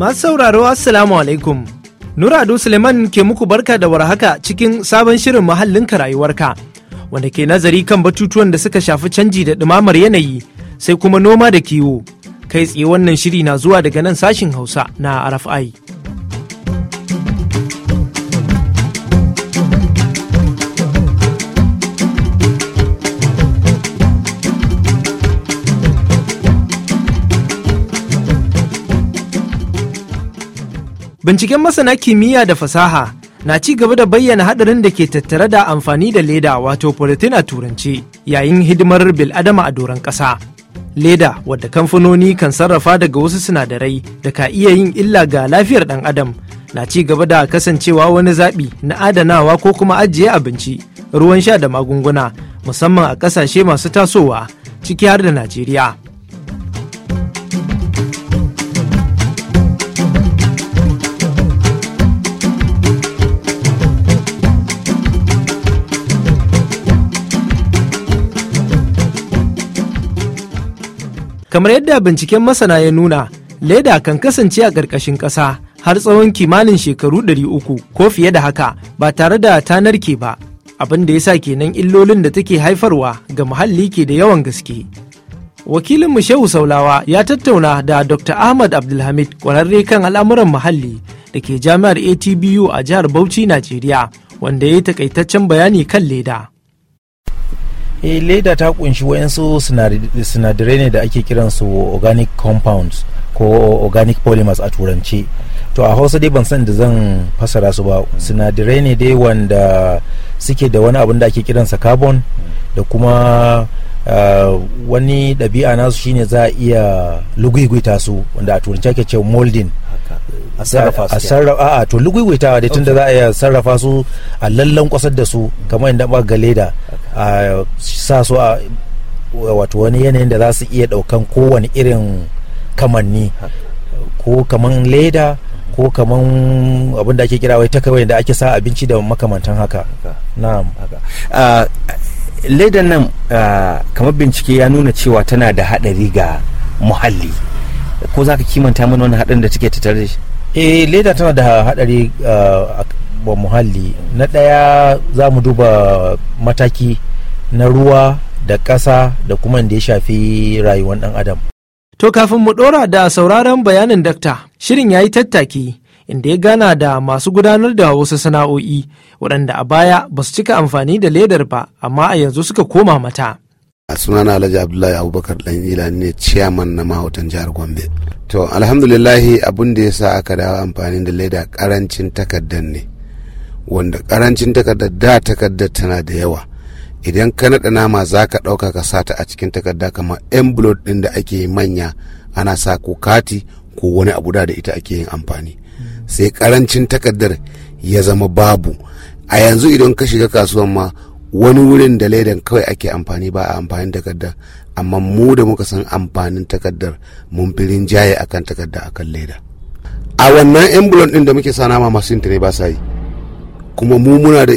Masu sauraro Assalamu alaikum. Nurado Suleiman ke muku barka da warhaka cikin sabon shirin muhallinka rayuwarka wanda ke nazari kan batutuwan da suka shafi canji da ɗumamar yanayi sai kuma noma da kiwo. Kai tsaye wannan shiri na zuwa daga nan sashin Hausa na RFI. Binciken masana kimiyya da fasaha na ci gaba da bayyana haɗarin da ke tattare da amfani da leda wato polythene a turance yayin hidimar bil'adama a doron ƙasa. Leda wadda kamfanoni kan sarrafa daga wasu sinadarai da ka iya yin illa ga lafiyar ɗan adam na ci gaba da kasancewa wani zaɓi na adanawa ko kuma ajiye abinci, ruwan sha da magunguna musamman a ƙasashe masu tasowa ciki har da Najeriya. kamar yadda binciken masana ya nuna leda kan kasance a ƙarƙashin ƙasa har tsawon kimanin shekaru 300 ko fiye da haka ba tare da ta narke ba abin da ya sa kenan illolin da take haifarwa ga muhalli ke da yawan gaske wakilinmu shehu saulawa ya tattauna da dr ahmad abdulhamid kwararre kan al'amuran muhalli da ke jami'ar atbu a jihar bauchi najeriya wanda ya yi takaitaccen bayani kan leda eh leda ta kunshi wayansu sinadirai ne da ake kiransu organic compounds ko organic polymers a turance to a hausa dai ban san da zan fasara su ba mm. sinadirai ne dai wanda suke da wani abin da ake kiransa carbon da kuma uh, wani ɗabi'a nasu shine za a iya lugwigwita su wanda a turanci ake ce molding a sarrafa su a to lugugwitawa dai tunda za a iya sarrafa su a lallan kwasar da su mm. kamar inda ba ga leda a sa su a wato wani yanayin da za su iya daukan kowane irin kamanni ko kaman leda ko kaman abin da ake kira wai takawai da ake sa abinci da makamantan haka na'am ledan nan kamar bincike ya nuna cewa tana da haɗari ga muhalli ko za ka kimanta mana wani hadarin da take tattare da shi eh leda tana da haɗari wa muhalli na ɗaya za mu duba mataki na ruwa da ƙasa da kuma da ya shafi rayuwar ɗan adam to kafin mu ɗora da sauraron bayanin dakta shirin ya yi tattaki inda ya gana da masu gudanar da wasu sana'o'i waɗanda a baya ba su cika amfani da ledar ba amma a yanzu suka koma mata a sunana alhaji abdullahi abubakar dan ila ne ciyaman na mahautan jihar gombe to alhamdulillahi abun da ya sa aka dawo amfani da leda karancin takardar ne wanda karancin takardar da takardar tana da yawa idan ka naɗa nama za ka ɗauka ka ta a cikin takarda kamar envelope ɗin da ake manya ana sa ko kati ko wani abu da ita ake yin amfani sai karancin takardar ya zama babu a yanzu idan ka shiga kasuwan ma wani wurin da laidan kawai ake amfani ba a amfani takarda amma mu da muka san amfanin takardar mun fi rinjaye akan takarda akan leda a wannan envelope ɗin da muke sa nama masu ne ba sa yi kuma mu muna da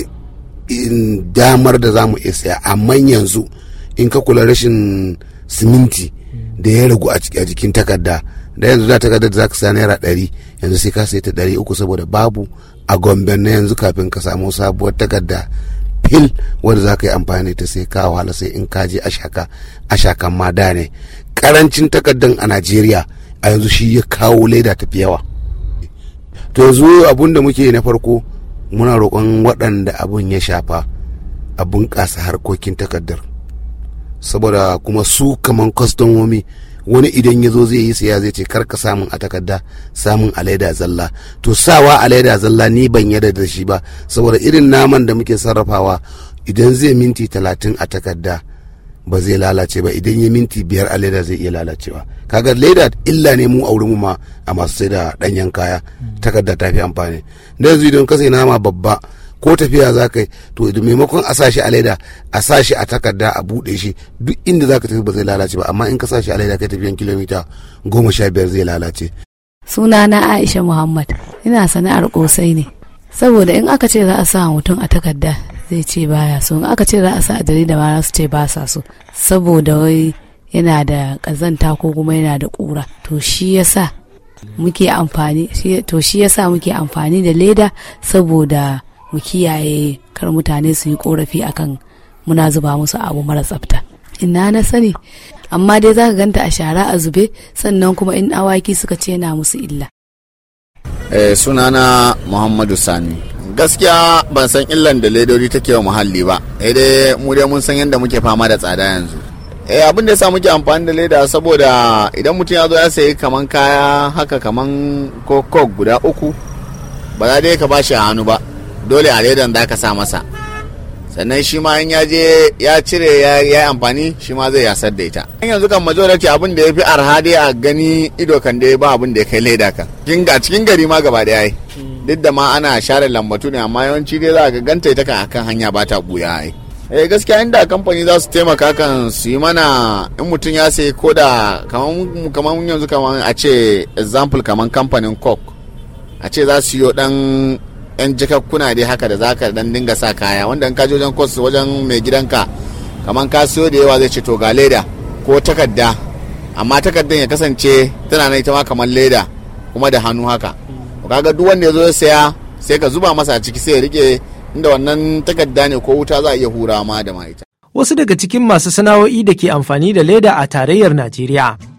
damar da zamu iya saya amma yanzu in ka kula rashin siminti da ya ragu a jikin takarda da yanzu da takardar da za ka saya naira ɗari yanzu sai ka sai ta ɗari uku saboda babu a gombe na yanzu kafin ka samu sabuwar takarda fil wanda za ka yi amfani ta sai ka wahala sai in ka je ashaka ashakan ma da ne karancin takardan a najeriya a yanzu shi ya kawo leda tafi yawa to yanzu abun da muke na farko muna roƙon waɗanda abun ya shafa a bunƙasa harkokin takardar saboda kuma su kaman kwastomomi wani idan ya zo zai yi siya zai ce karka samun a takarda samun a laida zalla to sawa a laida zalla ni ban yada da shi ba saboda irin naman da muke sarrafawa idan zai minti talatin a takarda ba zai lalace ba idan ya minti biyar a leda zai iya lalacewa kaga leda illa ne mu auri mu ma a masu sai da danyen kaya takarda ta fi amfani da yanzu idan ka sai nama babba ko tafiya za ka yi to idan maimakon a sa shi a leda a sa shi a takarda a buɗe shi duk inda za ka tafi ba zai lalace ba amma in ka sa shi a leda kai tafiyan kilomita goma sha biyar zai lalace sunana aisha muhammad ina sana'ar kosai ne saboda in aka ce za a sa mutum a takarda zai ce baya so in aka ce za a sa a jarida ma su ce ba sa so saboda wai yana da kazanta ko kuma yana da kura to shi yasa muke amfani to shi yasa muke amfani da leda saboda mu kiyaye kar mutane su yi korafi akan muna zuba musu abu mara tsafta ina na sani amma dai za ka ganta a shara a zube sannan kuma in awaki suka ce yana musu illa Eh, sunana Muhammadu Sani. Gaskiya ban san illan da ledodi take wa muhalli ba. Eh dai mu dai mun san yadda muke fama da tsada yanzu. Eh abin da ya sa muke amfani da leda saboda idan mutum ya zo ya sayi kaman kaya haka kaman kokok guda uku ba za dai ka bashi a hannu ba. Dole a ledan za ka sa masa. sannan shi ma in ya je ya cire ya yi amfani shi ma zai yasar da ita an yanzu kan majority abin da ya fi arha dai a gani ido kan dai ba abin da ya kai leda kan a cikin gari ma gaba daya hmm. duk da ma ana share lambatu ne amma yawanci dai za ka ganta ita kan akan hanya ba ta buya eh gaskiya inda kamfani za su taimaka kan su yi mana in mutum ya sayi koda da kamar yanzu kamar a ce example kamar kamfanin coke a ce za su yi dan yan jakakkuna dai haka da zaka dan dinga sa kaya wanda in ka wajen kwas wajen mai gidanka kamar ka siyo da yawa zai ce to ga leda ko takarda amma takardan ya kasance tana na ita ma kamar leda kuma da hannu haka kaga duk wanda yazo zo ya saya sai ka zuba masa a ciki sai ya rike inda wannan takarda ne ko wuta za a iya hura ma da ma ita wasu daga cikin masu sana'o'i da ke amfani da leda a tarayyar najeriya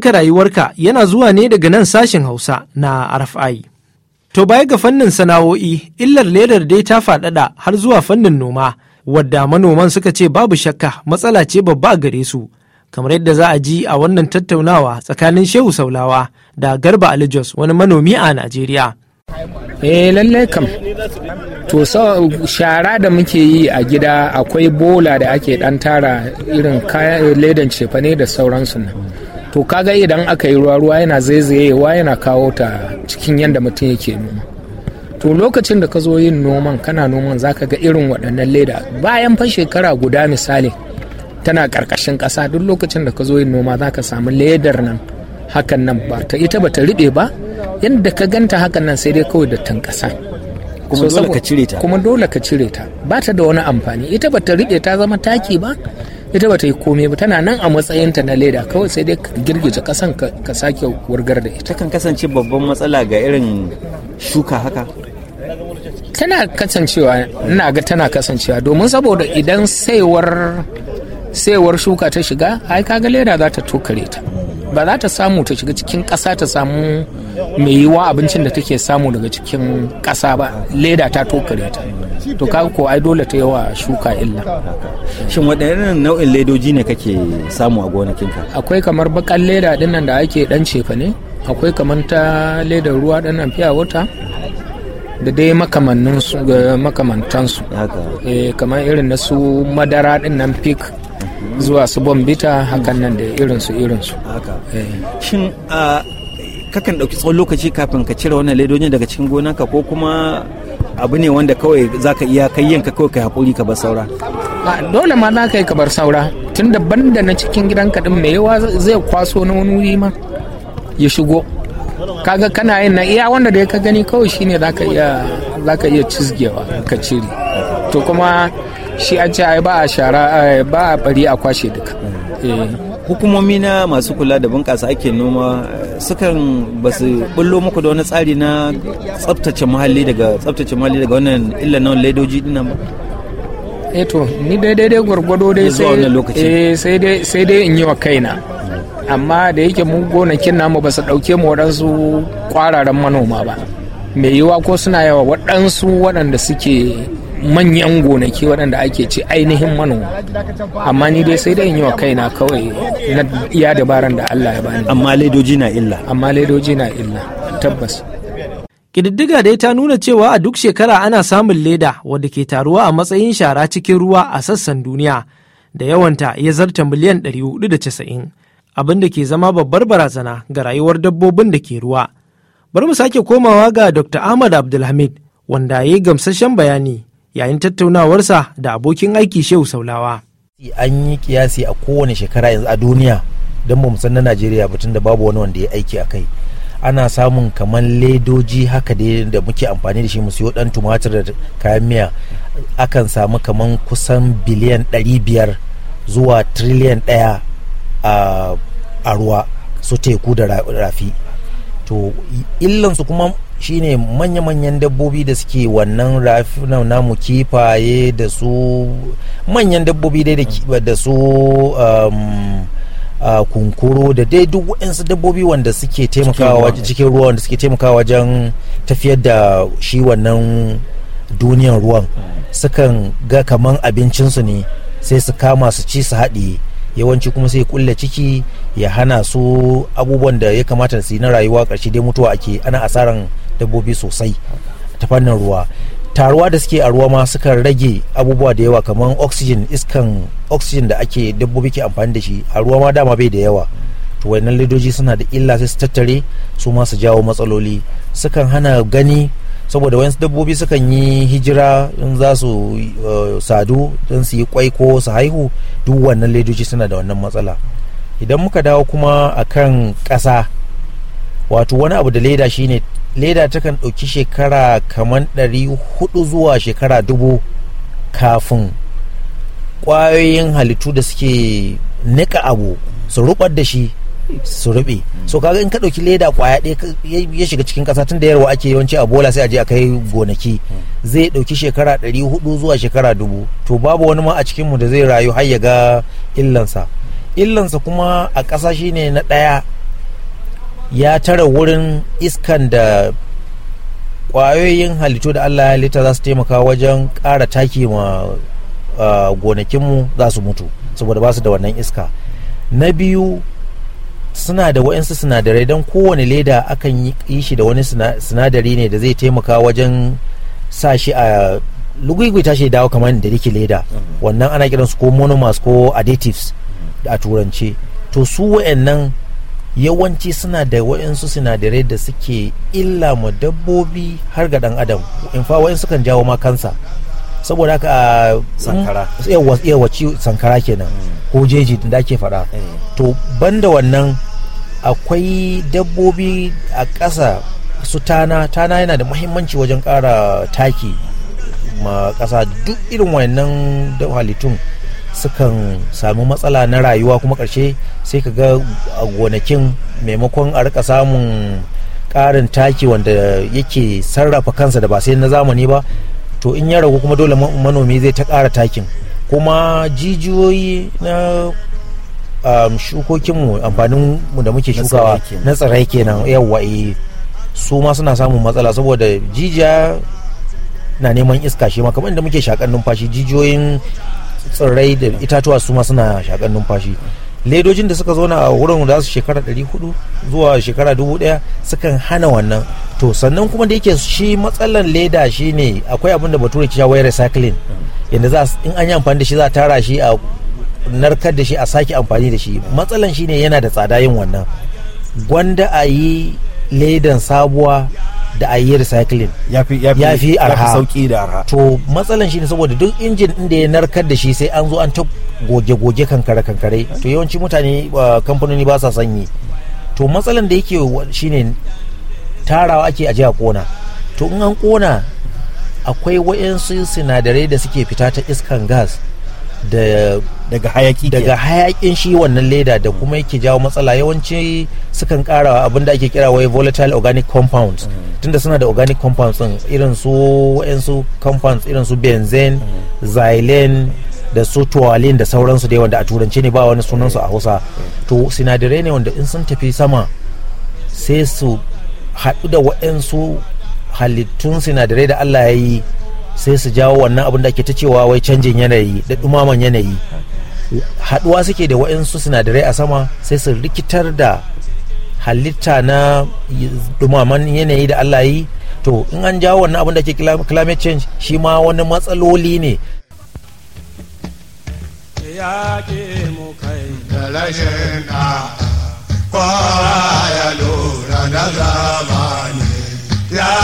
ka rayuwarka yana zuwa ne daga nan sashen Hausa na RFI. To baya ga fannin sana'o'i, illar ledar dai ta faɗaɗa har zuwa fannin noma, wadda manoman suka ce babu shakka matsala ce babba gare su. Kamar yadda za a ji a wannan tattaunawa tsakanin Shehu Saulawa da Garba Ali Jos wani manomi a Najeriya. Eh lallai kam. To shara da muke yi a gida akwai bola da ake dan tara irin eh, ledan cefane da sauransu nan. to kaga idan aka yi ruwa ruwa yana zaizayewa yana kawo ta cikin yadda mutum yake noma to lokacin da ka zo yin noman kana noman zaka ga irin waɗannan leda bayan fa shekara guda misali tana ƙarƙashin ƙasa duk lokacin da ka zo yin noma zaka samu ledar nan hakan nan ba ta ita ba ta riɓe ba yadda ka ganta hakan nan sai dai kawai dattin ƙasa kuma dole ka cire ta kuma dole ka cire ta ba ta da wani amfani ita ba ta riɓe ta zama taki ba ita ba ta yi komai ba tana nan a matsayinta na leda kawai sai dai ka girgije kasan ka sake wargar da ita takan kasance babban matsala ga irin shuka haka tana kasancewa ina ga tana kasancewa domin saboda idan saiwar shuka ta shiga ai kaga leda za ta tokare ta ba za ta samu ta shiga cikin ƙasa ta samu mai yiwa abincin da take samu daga cikin ƙasa ba leda ta tokare ta to kaga ko ai dole ta yawa shuka illa shin waɗannan nau'in ledoji ne kake samu a gonakinka akwai kamar bakan leda nan da ake dan cefa ne akwai kamar ta ledar ruwa nan fiya wata da dai makamantansu eh, kamar irin na su madara nan pick zuwa su bombita hakan nan da irinsu irinsu eh. shin kakan ɗauki tsawon lokaci kafin ka cire wannan ledojin daga cikin gonanka ko kuma abu ne wanda kawai za ka iya kai yanka kawai kai haƙuri ka bar saura dole ma za ka yi ka bar saura tun da banda na cikin gidanka ɗin mai yawa zai kwaso na wani wuri ma ya shigo kaga kana yin na iya wanda da ka gani kawai shi za iya za ka iya cizgewa ka cire to kuma shi an ce ba a shara ba a bari a kwashe duka eh. hukumomi na masu kula da bunƙasa ake noma sukan ba su bullo muku da wani tsari na tsabtace muhalli daga tsabtace muhalli daga wannan illa na ledoji dinnan ba eh to ni dai dai gwargwado dai eh, sai dai sai dai in yi wa kaina amma da yake mu gonakin namu ba su dauke mu waɗansu kwararan manoma ba mai yiwa ko suna yawa waɗansu waɗanda suke manyan gonaki waɗanda ake ce ainihin manoma amma ni dai sai dai in yi wa kaina kawai na iya dabaran da Allah ya bani amma ledoji na illa amma ledoji na illa tabbas kididdiga dai ta nuna cewa a duk shekara ana samun leda wadda ke taruwa a matsayin shara cikin ruwa a sassan duniya da yawanta ya zarta miliyan 490 abin da ke zama babbar barazana ga rayuwar dabbobin da ke ruwa. Bari mu sake komawa ga Dr. Ahmad Abdulhamid wanda ya yi gamsashen bayani yayin tattaunawarsa da abokin aiki Shehu Saulawa. An yi kiyasi a kowane shekara yanzu a duniya don ba mu san na Najeriya batun da babu wani wanda ya aiki a kai. Ana samun kamar ledoji haka da muke amfani da shi mu siyo dan tumatir da kayan miya akan samu kamar kusan biliyan 500 zuwa triliyan ɗaya a ruwa su teku da rafi. to illansu kuma shine manya-manyan dabbobi da suke wannan rafina namu kifaye da su manyan dabbobi dai da su um, uh, kunkuro da dai duk waɗansu dabbobi wanda suke taimakawa cikin ruwa wanda suke taimakawa wajen tafiyar da shi wannan duniyan ruwan hmm. sukan ga kaman abincinsu ne sai su kama su ci su haɗiye yawanci kuma sai kulle ciki ya hana su abubuwan da ya kamata su yi na rayuwa ƙarshe dai mutuwa ake ana asaran dabbobi sosai ta fannin ruwa taruwa da suke a ruwa ma sukan rage abubuwa da yawa kamar oxygen iskan oxygen da ake dabbobi ke amfani da shi a ruwa ma dama bai da yawa to wannan ledoji suna da illa sai su tattare su ma su jawo matsaloli sukan hana gani saboda wayansu dabbobi sukan yi hijira in za su eh, sadu don su yi kwai ko su haihu duk wannan ledoji suna da wannan matsala idan muka dawo kuma a kan ƙasa wato wani abu da leda shine leda takan ɗauki shekara kamar ɗari hudu zuwa shekara dubu kafin ƙwayoyin halittu da suke niƙa abu su rubar da shi su rubi so kaga in ka dauki leda kwaya ɗaya ya shiga cikin kasa tun da yarwa ake yawanci a bola sai a je a kai gonaki zai dauki shekara ɗari hudu zuwa shekara dubu to babu wani ma a cikin mu da zai rayu har ya ga illansa illansa kuma a ƙasa shine na ɗaya ya tara wurin iskan da ƙwayoyin halittu da Allah ya halitta za su taimaka wajen ƙara taki ma ah, gonakinmu za su mutu saboda ba su da wannan iska na biyu suna da waɗansu sinadarai don kowane leda akan yi shi da wani sinadari ne da zai taimaka wajen sa shi a ta shi dawo kamar da yake leda mhm. wannan ana kiransu ko monomers ko additives mhm. a turance to su waɗannan yawanci suna da waɗansu sinadarai da suke illa ma dabbobi har ga ɗan adam in fa waɗansu kan jawo ma kansa saboda haka ah, sankara mm, yawa sankara kenan mhm. ko jeji da ake faɗa eh. to banda wannan akwai dabbobi a ƙasa su tana tana yana da muhimmanci wajen ƙara taki ma ƙasa duk irin wannan halittun sukan samu matsala na rayuwa kuma ƙarshe sai ka ga a gonakin maimakon a rika samun ƙarin taki wanda yake sarrafa kansa da ba sai na zamani ba to in ya ragu kuma dole manomi zai ta ƙara takin kuma jijiyoyi na um, shukokinmu amfanin da muke shukawa na tsirai kenan yawwa eh, su ma suna samun matsala saboda jijiya na neman iska shi ma kamar da muke shakan numfashi jijiyoyin tsirrai da itatuwa su ma suna shakan numfashi ledojin da suka zauna a wurin da su shekara 400 zuwa shekara 1000 sukan hana wannan to sannan kuma da yake shi matsalan leda shine akwai abin da bature ke cewa recycling yadda za in an yi amfani da shi za a tara shi a narkar da shi a sake amfani da shi matsalan shine yana da tsada yin wannan gwanda a yi ledan sabuwa da a yi recycling ya fi arha sauki da arha to matsalan ne saboda duk injin inda ya narkar da shi sai an zo an ta goge-goge kankare kankare to yawanci mutane kamfanoni ba sa sanyi to matsalan da yake shine tarawa ake aje a kona to in an kona akwai wayansu sinadarai da suke fita ta iskan gas da daga hayaki daga hayakin shi wannan leda da kuma yake jawo matsala yawanci sukan kara abin da ake kira wai volatile organic compounds mm. tunda suna da organic compounds din irin su wayansu compounds irin su benzene mm. xylene da su da sauransu da wanda a turance ne ba wani sunansu a hausa mm. to sinadarai ne wanda in sun tafi sama sai su haɗu da waɗansu halittun sinadarai da Allah ya yi sai su jawo wannan abin da ake ta cewa wai canjin yanayi da dumaman yanayi haduwa suke da waɗansu sinadarai a sama sai su rikitar da halitta na dumaman yanayi da Allah yi to in an jawo wannan abin da ke climate change shi ma wani matsaloli ne yaƙi mu kai da rashin da ya lura da zama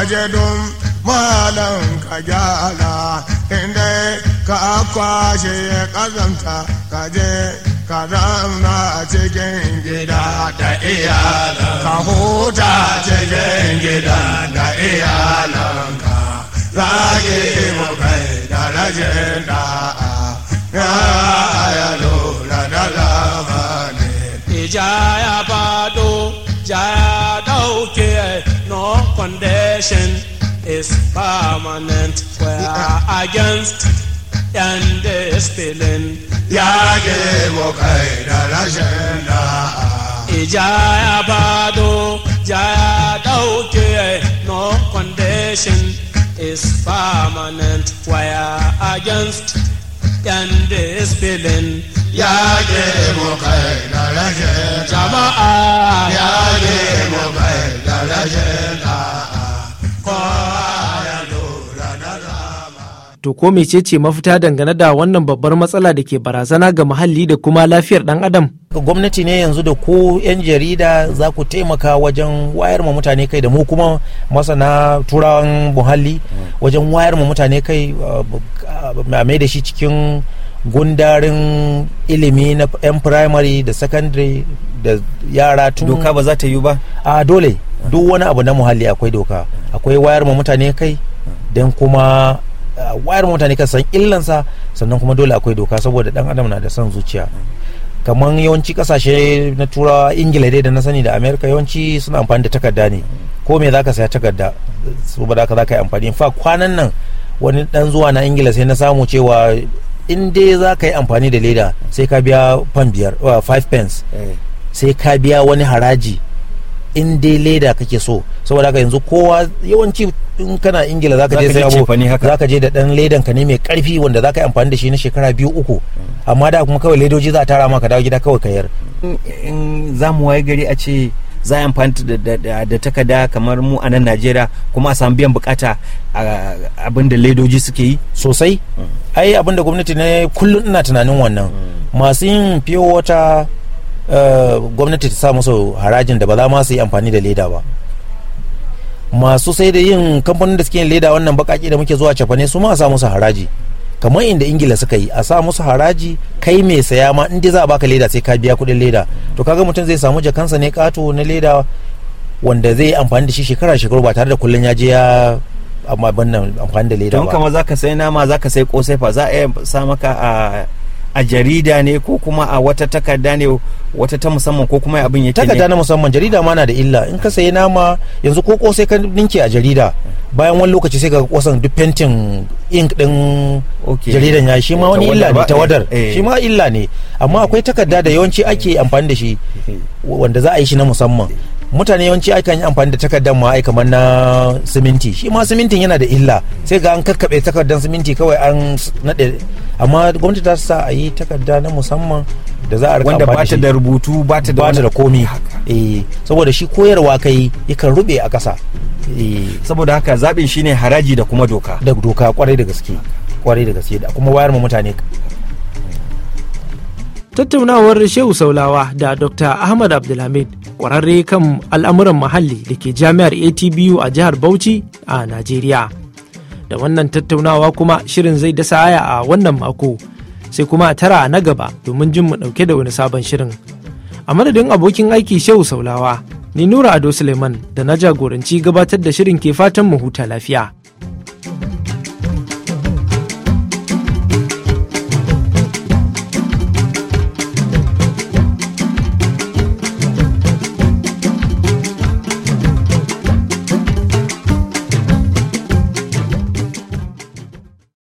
ajedum malam ka gyara inda ka kwashe ya kazanta kaje ka zamna cikin gida da iyalan ka huta cikin gida da iyala. ka zage mu kai da rajin da'a ya ya lura da zamani ija ya fado ja ya dauke foundation is permanent. We are against and dispelling. Yage mokaida la jenda. Ijaya bado, jaya dauke. No foundation is permanent. We are against and dispelling. Yage mokaida la jenda. Jamaa. Yage mokaida la jenda. To ko mecece mafita dangane da wannan babbar matsala da ke barazana ga muhalli da kuma lafiyar dan adam? Gwamnati ne yanzu da ku 'yan jarida za ku taimaka wajen wayar ma mutane kai da mu kuma masana turawan muhalli wajen wayar ma mutane kai a mai da shi cikin gundarin ilimi na 'yan primary da secondary da yara tun doka ba za ta yi ba a dole duk wani abu na muhalli akwai doka akwai wayar ma mutane kai don kuma wayar ma mutane kan san illansa sannan kuma dole akwai doka saboda dan adam na da son zuciya kamar yawanci kasashe na turawa ingila dai da na sani da amerika yawanci suna amfani da takarda ne ko me zaka saya takarda saboda haka zaka yi amfani fa kwanan nan wani dan zuwa na ingila sai na samu cewa in dai za ka yi amfani da leda sai ka biya fan biyar five pence eh. sai ka biya wani haraji in dai leda kake so saboda haka yanzu kowa yawanci in kana ingila ka je sai abu ka je da dan ledan ka ne mai karfi wanda za ka yi amfani da shi na shekara biyu uku amma da kuma kawai ledoji za a tara maka dawo gida kawai kayar in za mu waye gari a ce za a amfani da takarda kamar mu a nan najeriya kuma a samu biyan bukata abin da ledoji suke yi sosai mm. ai abin da gwamnati ne kullum ina tunanin wannan masu yin fiye wata eh, gwamnati ta sa musu harajin da ba za ma su yi amfani da leda ba masu sai da yin kamfanin da suke yin leda wannan bakaki da muke zuwa cafane su ma a sa musu haraji kamar inda ingila suka yi a sa musu haraji kai mai saya ma in inda za a baka leda sai ka biya kuɗin leda to kaga mutum zai samu jakansa ne kato na leda wanda zai amfani da shi shekara shekaru ba tare da kullum ya je ya amma wannan amfani da leda ba don kama za ka sai nama ka sai kosai fa za a iya sa maka a a jarida ne ko kuma a wata takarda ne wata ta musamman ko kuma abin yake takarda na musamman jarida ma na da illa in ka sayi nama yanzu ko kosai ka ninke a jarida bayan wani lokaci sai ka kosan duk fentin ink din jaridan ya shi ma wani illa ne eh, tawadar eh. shi ma illa ne amma akwai takarda da yawanci ake amfani da shi eh. wanda za a yi shi na musamman mutane yawanci aikan yi amfani da takardar ma ai kamar na siminti shi ma simintin yana da illa sai ga an kakkaɓe takardar siminti kawai an naɗe amma gwamnati ta sa a yi takarda na musamman da za a rika wanda ba da rubutu ba ta da wani da komi eh saboda shi koyarwa kai yakan rube a ƙasa eh. saboda haka zaɓin shine haraji da kuma doka da doka kwarai da gaske kwarai da gaske da kuma wayar mu mutane tattaunawar shehu saulawa da dr ahmad abdulhamid kwararre kan al'amuran muhalli da ke jami'ar atbu a jihar bauchi a najeriya da wannan tattaunawa kuma shirin zai dasa aya a wannan mako sai kuma a tara na gaba domin jin mu dauke da wani sabon shirin a madadin abokin aiki shehu saulawa ni nura ado suleiman da na jagoranci gabatar da shirin ke fatan mu huta lafiya